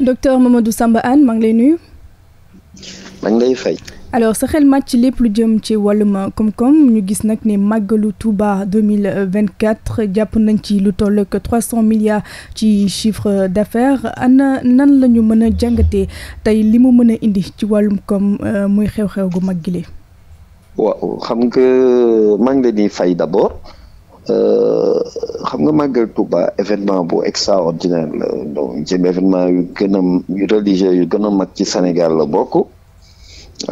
docteur Mamadou Samba Hann maa ngi lay nuyu. maa ngi lay fay. alors sa xel màcc lépp lu jëm ci wàllum koom-koom ñu gis nag ni màggalu Touba 2024 jàpp nañ ci lu toll ak 300 milliards ci chiffre d'affaires ana nan la ñu mën a jàngatee tey li mu mën a indi ci wàllum kom euh, muy xew-xew gu mag gi waaw xam nga maa ngi di fay d'abord. Euh, xam nga màggal Touba événement bu extraordinaire la donc ci événement yu gën yu gën a mag ci Sénégal la bokk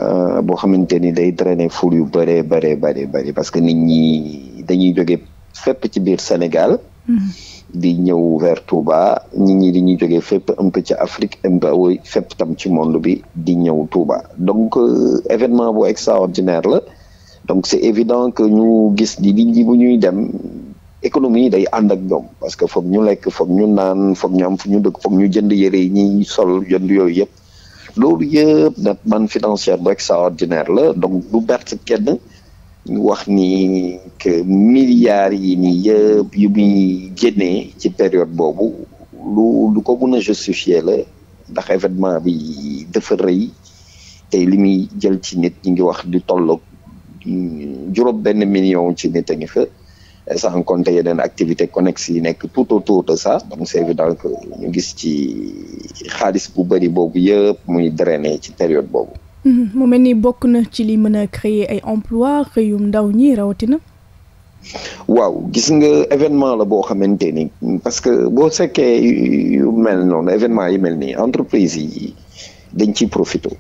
euh, boo xamante ni day drainer foule yu bëree bëree bëri bëri parce que nit ñi dañuy jóge fépp ci biir Sénégal mm-hmm. di ñëw vers Touba nit ñi di ñuy jógee fépp un ci Afrique un peu fépp tam ci monde bi di ñëw Touba donc euh, événement bu extraordinaire la donc c' est évident que ñu gis ni nit ñi ñuy dem économie day ànd ak ñoom parce que foog ñu lekk foog ñu naan foog ñu am fu ñu dëkk foog ñu jënd yëre yi ñuy sol jënd yooyu yëpp loolu yëpp nag man financière bu extraordinaire la donc du bert kenn ñu wax ni que milliards yi nii yëpp yu muy génnee ci période boobu lu lu ko mën a justifier la ndax événement bi dafa rëy tey li muy jël ci nit ñu ngi wax di tolloog juróom benn million ci nit a ngi fa sans compter yeneen activité connexe yi nekk tout autour de ça donc c'est évident que ñu gis ci xaalis bu bëri boobu yëpp muy drainer ci période boobu mhm. mu mel ni bokk na ci li mën a créer ay emploi xëyum ndaw ñi rawatina waaw gis nga événement la boo xamante ni parce que boo sekkee yu mel noonu événement yi mel nii entreprise yi dañ ciy profité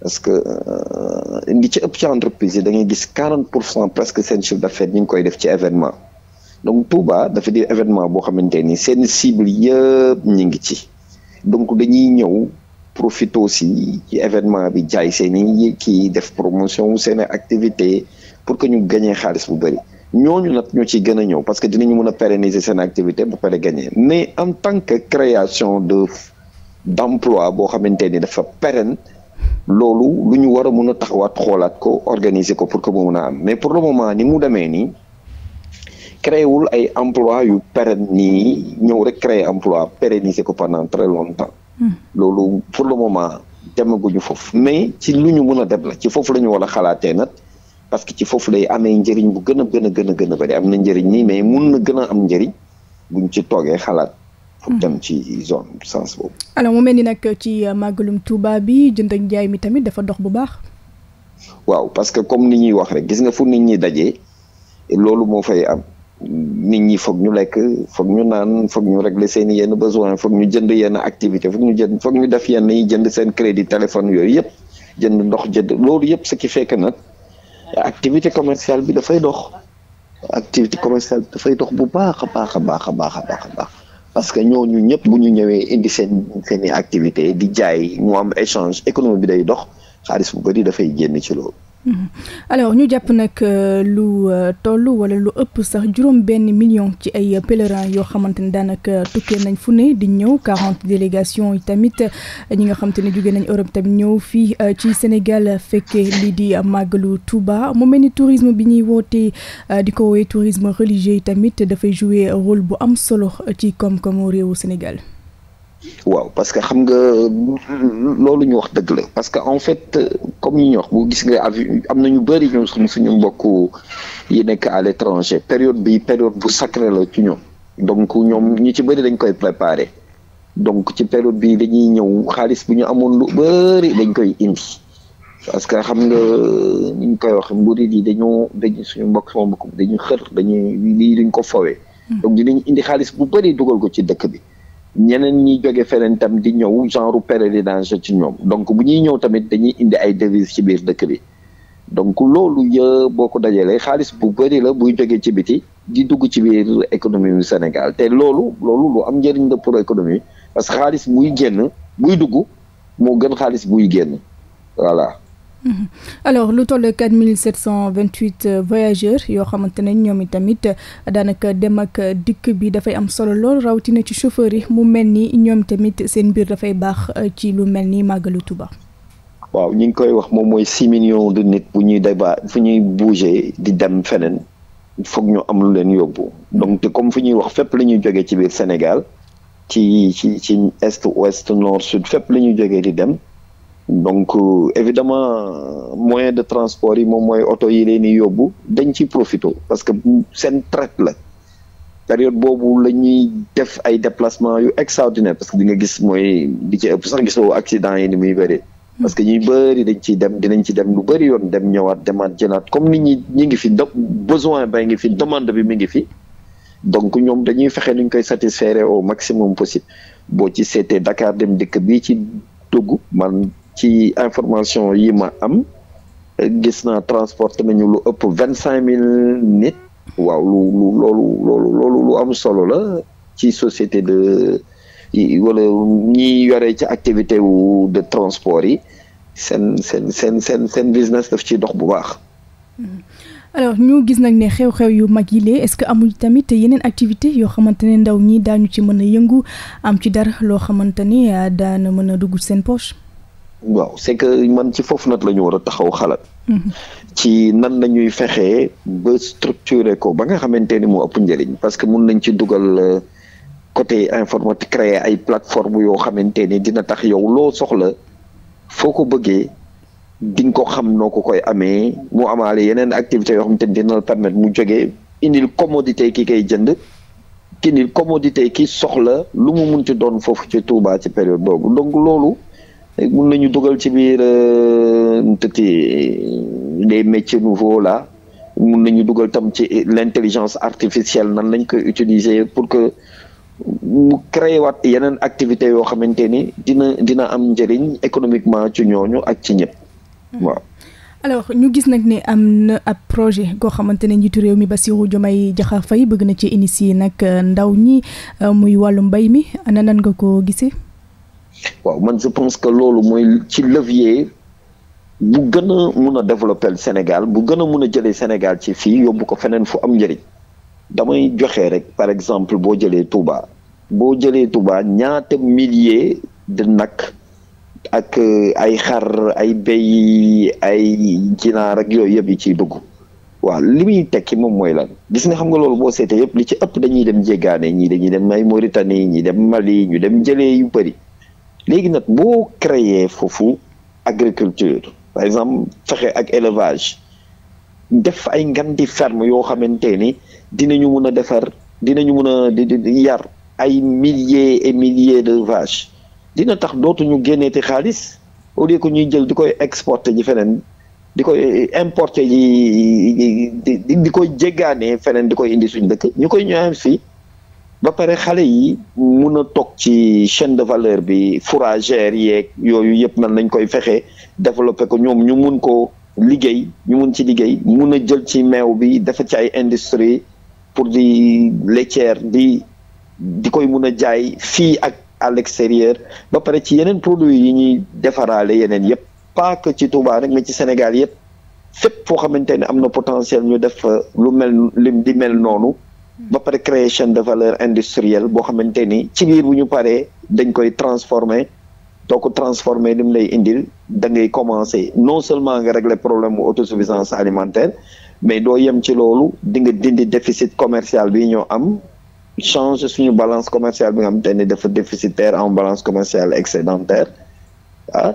parce que euh, ngi ci ëpp ci entreprise yi da ngay gis 40 pour cent presque seen chiffre d'affaires ñu ngi koy def ci événement donc Touba dafa di événement boo xamante ni seen cible yëpp ñu ngi ci donc dañuy ñëw profité si ci événement bi jaay seen i kii def promotion seen activité pour que ñu gañee xaalis bu bëri ñooñu nag ñoo ci gën a ñëw parce que dinañu mën a pérenniser seen activité ba pare gagné mais en tant que création de d'emploi boo xamante ni dafa pérenne loolu lu ñu war a mun a taxawaat xoolaat ko organiser ko pour que mu mun a am mais pour le moment ni mu demee nii créé wul ay emploi yu pérenne nii ñëw rek créer emploi pérenniser ko pendant très longtemps hmm. loolu pour le moment demaguñu foofu mais ci lu ñu mun a dem la ci foofu lañu ñu war a xalaatee nag parce que ci foofu lay amee njëriñ bu gën a gën a gën gën a bëri am na njëriñ nii mais mun na gën a am njëriñ buñ ci toogee xalaat foog tam ci zone sens boobu. alors mu mel ni nag ci euh, màggalum Touba bi jënd ak jaay mi tamit dafa dox bu baax. waaw parce que comme ni ñuy wax rek gis nga fu nit ñi dajee loolu moo fay am nit ñi foog ñu lekk foog ñu naan foog ñu régler seen yenn besoin foog ñu jënd yenn activité foog ñu jënd foog ñu def yenn yi jënd seen crédit téléphone yooyu yëpp jënd ndox jënd loolu yëpp ce qui nag activité commerciale bi dafay dox activité commerciale dafay dox bu baax a baax a baax a baax a baax. parce que ñooñu ñëpp bu ñu ñëwee indi seen seen i activité di jaay mu am échange économie bi day dox xaalis bu bëri dafay génn ci loolu Mhm. alors ñu jàpp nag euh, lu euh, toll wala lu ëpp sax juróom benn million ci ay pèlerins yoo xamante ni daanaka tukkee nañ fu ne di ñëw quarante délégation yi tamit ñi nga xamante ni jógee nañ Europe tamit ñëw fii euh, ci Sénégal fekkee lii di màggalu Touba mu mel ni tourisme bi ñuy wootee di ko woowee tourisme religieux yi tamit dafay jouer rôle bu am solo ci koom-koomu réewu Sénégal. waaw parce que xam nga loolu ñu wax dëgg la parce que en fait comme ñu wax bu gis nga avi am na ñu bëri ñoom suñu suñu mbokk yi nekk à l'étranger période bi période bu sacré la ci ñoom donc ñoom ñu ci bëri dañ koy préparer donc ci période bi dañuy ñëw xaalis bu ñu amoon lu bëri dañ koy indi parce que xam nga ni ñu koy wax mburi yi dañoo dañu suñu mbokk sama mbokk dañu xër dañuy lii duñ ko fowee hmm. donc dinañ indi xaalis bu bëri dugal ko ci dëkk bi ñeneen ñi jóge feneen tam di ñëw genre pèlerinage ci ñoom donc bu ñuy ñëw tamit dañuy indi ay devises ci biir dëkk bi donc loolu yë boo ko dajalee xaalis bu bëri la buy jóge ci biti di dugg ci biir économie bu Sénégal te loolu loolu lu am njëriñ la pour économie parce que xaalis muy génn buy dugg moo gën xaalis buy génn voilà Mhm. alors lu toll 4728 euh, voyageurs yoo xamante ne ñoom itamit euh, daanaka dem ak euh, dikk bi dafay am solo lool rawatina ci chauffeur yi mu mel ni ñoom tamit seen biir dafay baax ci lu mel ni màggalu Tuba. waaw ñu ngi koy wax moom mooy six millions de nit bu ñuy débat fu ñuy bouger di dem feneen foog ñu am lu leen yóbbu donc te comme fu ñuy wax fépp la ñuy jógee ci biir Sénégal ci ci ci est ouest nord sud fépp la ñuy jógee di dem. donc euh, évidemment moyen de transport yi moom mooy oto yi leen di yóbbu dañ ciy profito parce que seen traite la période boobu la ñuy def ay déplacement yu extraordinaire parce que di nga gis mooy di ci ëpp sax gisoo accident yi ni muy bëree hmm. parce que ñuy bëri dañ ciy dem dinañ ci dem lu bëri yoon dem ñëwaat demaat jëlaat comme nit ñi ñi ngi fi besoin ba ngi fi demande bi mi ngi fi donc ñoom dañuy fexe ñu koy satisfaire au maximum possible boo ci seetee Dakar dem dëkk bii ci dugg man ci information yi ma am gis naa transporté nañu lu ëpp vingt cinq mille nit waaw lu lu loolu loolu lu am solo la ci société de walla ñi yore ci activité wu de transport yi seen seen seen seen seen business daf ci dox bu baax hmm. alors ñoo gis nag ne xew-xew yu mag yi est-ce que amul tamit yeneen activité yoo xamante ne ndaw ñi daañu ci mën a yëngu am ci dara loo xamante ni ah, daana mën a dugg seen poche waaw c'est que man ci foofu nag la ñu war a taxaw xalaat. ci nan la ñuy fexee ba structurer ko ba nga xamante ni moo ëpp njëriñ parce que mun nañ ci dugal euh, côté informatique créer ay plateforme yoo xamante ni dina tax yow loo soxla foo ko bëggee di nga ko xam noo ko koy amee mu amaale yeneen activité yoo xam ni dina la permettre mu jógee indil commodité ki koy jënd. ki ni commodité ki soxla lu mu munti doon foofu ci Touba ci période boobu donc loolu. mun nañu dugal ci biir euh, tëti les métiers nouveaux là mun nañu dugal tam ci l'intelligence artificielle nan lañ koy utiliser pour que mu créé waat yeneen activité yoo xamante ni dina dina am njëriñ économiquement ci ñooñu ak ci ñëpp hmm. waaw alors ñu gis nag ne am na ab projet koo xamante ne njiitu réew mi Bassirou Diomaye Diakhar fay bëgg na ci initier nag euh, ndaw ñi euh, muy wàllu mbay mi ana nan nga ko gisee waaw man je pense que loolu mooy ci levier bu gën a mun a développer Sénégal bu gën a mun a jëlee Sénégal ci fii yóbbu ko feneen fu am njariñ damay joxe rek par exemple boo jëlee Touba boo jëlee Touba ñaata milliers de nag ak euh, ay xar ay béy ay ginaar ak yooyu yëpp yi ciy dugg waaw li muy tekki moom mooy lan gis nga xam nga loolu boo seetee yëpp li ci ëpp dañuy dem jéggaane ñii dañuy dem ay Mauritanie ñii dem Mali ñu dem jëlee yu bari léegi nag boo créer foofu agriculture par exemple fexe ak élevage def ay ngandi ferme yoo xamante ni dinañu mun a defar dinañu mun a yar ay milliers et milliers de vaches dina tax dootuñu ti xaalis au lieu que ñuy jël di koy exporter ji feneen di koy importer ji di koy jéggaane feneen di koy indi suñu dëkk ñu koy ñëwaat si ba pare xale yi mun a toog ci chaîne de valeur bi fourragère yeeg yooyu yëpp nan lañ koy fexe développer ko ñoom ñu mun ko liggéey ñu mun ci liggéey mun a jël ci meew bi dafa ci ay industrie pour di laitière di di koy mun a jaay fii ak à l'extérieur ba pare ci yeneen produit yi ñuy defaraale yeneen yëpp pas que ci Touba rek ci Sénégal yëpp fépp foo xamante ne am na potentiel ñu def lu mel li di mel noonu ba pare créer chaine de valeur industrielle boo xamante ni ci biir bu ñu paree dañ koy transformer doo ko transformer mu lay indil da ngay commencer non seulement nga régler problème mu autosuffisance alimentaire mais doo yem ci loolu di nga dindi déficit commercial bi ñoo am change suñu balance commerciale bi nga xamante ni dafa déficitaire en balance commerciale excédentaire ah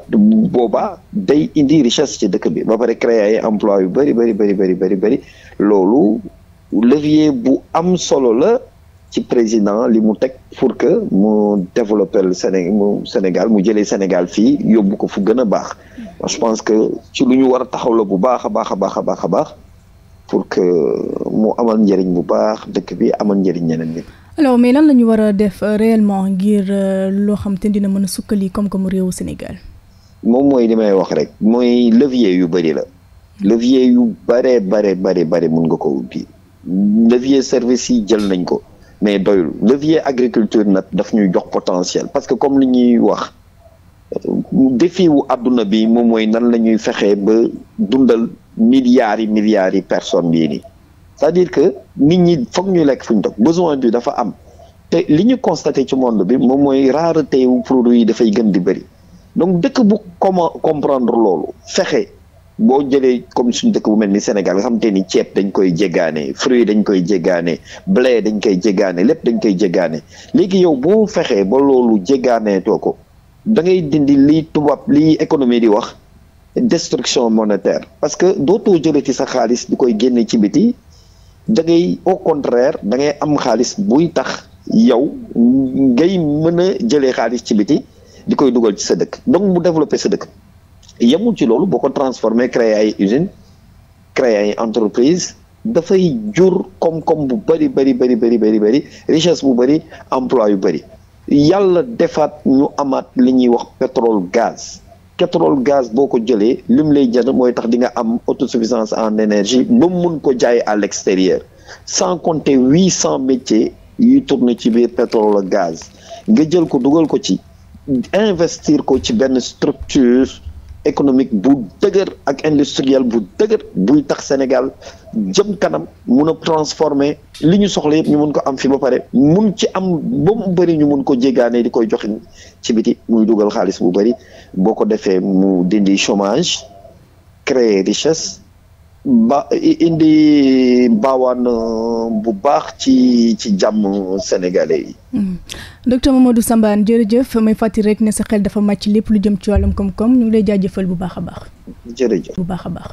boobaa day indi richesse ci dëkk bi ba pare créer ay emploi yu bëri bëri bëri bëri bëri bëri loolu levier bu am solo la ci président li mu teg pour que mu développer le Sénégal mu jëlee Sénégal fii yóbbu ko fu gën a baax je pense que ci lu ñu war a taxaw la bu baax a baax a baax a baax a baax pour que mu amal njëriñ bu baax dëkk bi amal njëriñ ñeneen ñi. alors mais lan la ñu war a def euh, réellement ngir euh, loo xam te dina mën a sukkali comme que comme réewu Sénégal. moom mooy li may wax rek mooy levier yu bëri la hmm. levier yu bare bare bari bari mun nga ko ubbi levier service yi jël nañ ko mais doyul levier agriculture nag daf ñuy jox potentiel parce que comme li ñuy wax défi wu àdduna bi moom mooy nan la ñuy fexee ba dundal milliards yi milliards yi personnes yii nii c'est-à-dire que nit ñi foog ñu lekk fu ñu toog besoin bi dafa am te li ñu constaté ci monde bi moom mooy rareté wu produit yi dafay gën di bëri donc dëkk bu comment comprendre loolu fexe boo jëlee comme suñ dëkk bu mel ni Sénégal nga xamante ni ceeb dañ koy jéggaane fruit dañ koy jéggaane blé dañ koy jéggaane lépp dañ koy jéggaane léegi yow boo fexee ba loolu jéggaanee too ko da ngay dindi li tubaab li économie di wax destruction monétaire parce que dootoo jëlee ci sa xaalis di koy génne ci biti da ngay au contraire da ngay am xaalis buy tax yow ngay mën a jëlee xaalis ci biti di koy dugal ci sa dëkk donc mu développé sa dëkk yemul ci loolu boo ko transformé créer ay usine créer ay entreprise dafay jur koom-koom bu bëri bëri bëri bëri bëri bu bëri emploi yu bëri yàlla defaat ñu amaat li ñuy wax pétrole gaz pétrole gaz boo ko jëlee lim lay jënd mooy tax di nga am autosuffisance en énergie ba mun ko jaay à l'extérieur sans compter huit cent métiers yuy tourner ci biir pétrole gaz nga jël ko dugal ko ci investir ko ci benn structure économique bu dëgër ak industriel bu dëgër buy tax Sénégal jëm kanam mun a transformer li ñu soxla yëpp ñu mën ko am fi ba pare mun ci am ba mu bëri ñu mun ko jéggaane di koy joxe ci biti muy dugal xaalis bu bëri boo ko defee mu dindi chômage créer richesse ba indi baawaan euh, bu baax ci ci jàmm sénégalais yi. Hmm. docteur Mamadou Sambane jërëjëf may fàttali rek ne sa xel dafa màcc lépp lu jëm ci wàllum koom-koom ñu ngi lay jaajëfal bu baax a baax. jërëjëf bu baax a baax.